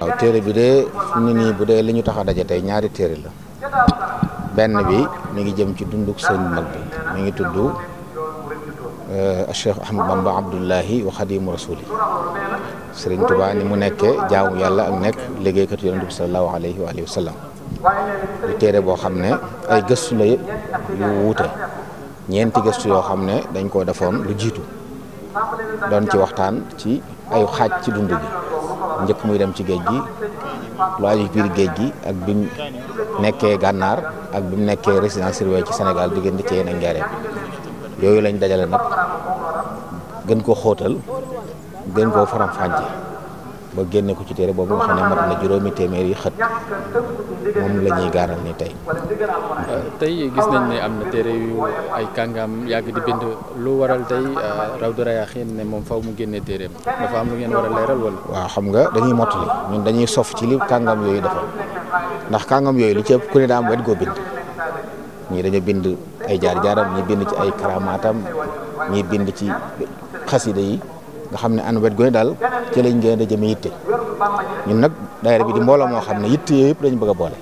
waaw téere bi de fu mu nii bu dee li ñu tax a daje tey ñaari téere la benn bi mi ngi jëm ci dunduk sëñ mag bi mu ngi tudd euh, Cheikh Ahmad Bamba Abdullahi wa Xadimu Rasuli Sëriñ Tuba ni mu nekkee jaamu yàlla ak nekk liggéeykatu yonent bi salallaahu alayhi wa alihi wa sallam lu téere boo xam ne ay gëstu la yu wuute ñeenti gëstu yoo xam ne dañ koo defoon lu jiitu doon ci waxtaan ci ay xaaj ci dund bi njëkk muy dem ci géej gi lu aju biir géej gi ak bi mu nekkee gànnaar ak bi mu nekkee résidence surveillée ci Sénégal diggante ci yéen ak njaaree yooyu lañ dajale nag gën ko xóotal gën koo faram-fàccee. ba génnee ko ci téere boobu nga xam ne mat na juróomi téeméer yi xët moom lañuy ñuy gaaral ni tey. Euh, tey gis nañ ne am na téere yu ay kàngam yàgg di bind lu waral tey euh, Rawdu Rayaaxiin ne moom faw mu génne téereem dafa am lu ngeen war a leeral wala. waaw xam nga dañuy mottali ñun dañuy sof ci li kàngam yooyu defal ndax kàngam yooyu li ci ëpp ku ne daa am wet goo bind ñii dañoo bind ay jaar jaaram ñi bind ci ay karamaatam ñi bind ci xasida yi. nga xam ne an wet gu ne daal ci lañ gën a jëme yitte ñun nag daayira bi di mbooloo moo xam ne yitte yëpp dañu bëgg boole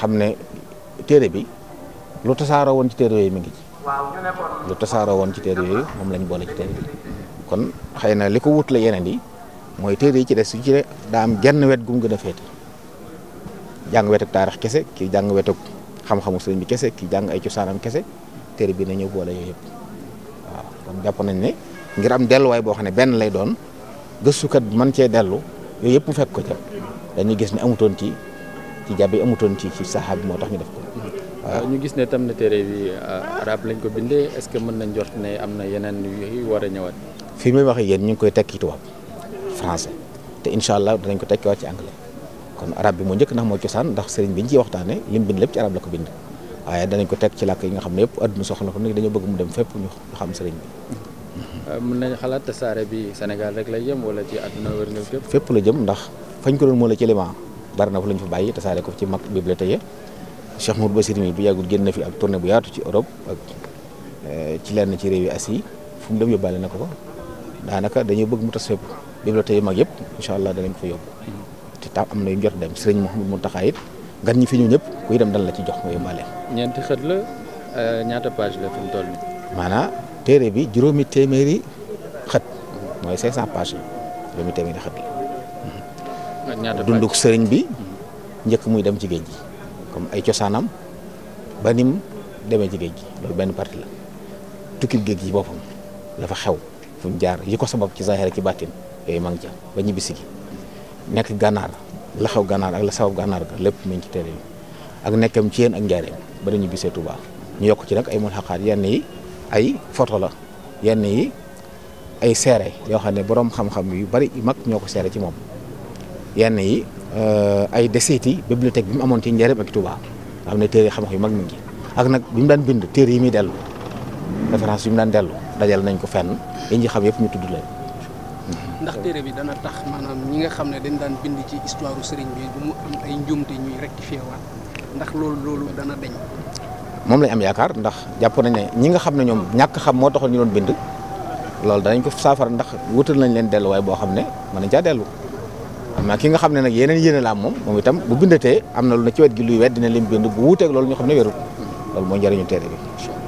xam ne téere bi lu tasaaroo woon ci téere mi ngi ci lu tasaaroo woon ci téere yooyu moom lañ boole ci téere kon xëy na li ko wut yeneen yi mooy téere yi ci des yu ci daa am genn wet gu mu gën a féete jàng wetug taarix kese kii jàng wetug xam-xamu sëriñ bi kese kii jàng ay cosaanam kese téere bi na ñëw boole yooyu yëpp waaw kon jàpp nañ ne ngir am delluwaay boo xam ne benn lay doon gëstukat bi mën cee dellu yooyu yëpp mu fekk ko ca dañuy gis ni amutoon ci ci jàbbi amutoon ci ci saxaab moo tax ñu def ko. waaw ñu gis ne tam ne téere bi euh, arab lañ ko bindee est-ce que mën nañ jort ne am na yeneen yu war a ñëwaat. fii may wax yéen ñu ngi koy tekki tubaab français te incha allah danañ ko tekkiwaat ci anglais kon arab bi moo njëkk ndax moo cosaan ndax sëriñ bi ñu ciy waxtaanee li mu bind lépp ci arab la ko bind waaye danañ ko teg ci làkk yi nga xam ne yëpp adduna soxla ko nag dañoo bëgg mu dem fépp ñu xam sëriñ bi. Euh, mun nañu xalaat tasaare bi Sénégal rek lay jëm wala ci àdduna wërngal képp. fépp la jëm ndax fañ ko doon moo la ci élément bari na fa la fa bàyyi tasaare ko ci mag bibliothèque Cheikh Mourou Bassir mi bu yàggul génn na fi ab tournée bu yaatu ci Europe ak euh, ci lenn ci réew yi Asie fu mu dem yóbbaale na ko ko daanaka dañoo bëgg mu tas fépp bibliothèque yu mag yëpp incha allah dalañ ko fa yóbbu. te tam am na yu jot dem sëriñ Mouhamadou Mountakha it gan ñi fi ñëw ñëpp kuy dem dan la ci jox nga yóbbaale. ñeenti xët la euh, ñaata page la fi mu toll nii. maanaam téere bi juróomi téeméeri xët mooy 500 pages juróomi téeméeri xët la. dunduk sëriñ bi njëkk muy dem ci géej gi comme ay cosaanam ba nim demee ci géej gi loolu benn partie la tukkib géej gi boppam la fa xew fu mu jaar yi ko sabab ci zahir ak ci bàttin yooyu mag ngi ca ba ñibbisi gi nekk gànnaar la xew gannaar ak la sabab gànnaar lépp mu ngi ci téere bi ak nekkam ci yéen ak njaareem ba dañu bisee Tuubaa ñu yokk ci nag ay mun xaqaat yenn yi. ay photo la yenn yi ay seere yoo xam ne boroom xam-xam yu bari yu mag ñoo ko seere ci moom yenn yi euh, ay desit yi bi mu amoon ci njëriñ ak tubaa nga xam ne téere yu mag mi ak nag bi mu bind téere yi muy dellu référence yi mu daan dellu dajal nañ ko fenn yi ñu xam yëpp ñu tudd leen. bi dana tax maanaam ñi nga xam ne dañ daan bind ci histoire sëriñ bi bu mu am ay njuumte ñuy rectifier waat ndax loolu loolu dana deñ moom lañ am yaakaar ndax jàpp nañ ne ñi nga xam ne ñoom ñàkk xam moo taxoon ñu doon bind loolu danañ ko saafara ndax wutal nañ leen delluwaay boo xam ne mën nañ caa dellu amma ki nga xam ne nag yeneen yéene la am moom itam bu bindatee am na lu ne ci wet gi luy wet dina lim bind bu wuuteeg loolu ñu xam ne wérul loolu mooy njëriñu téere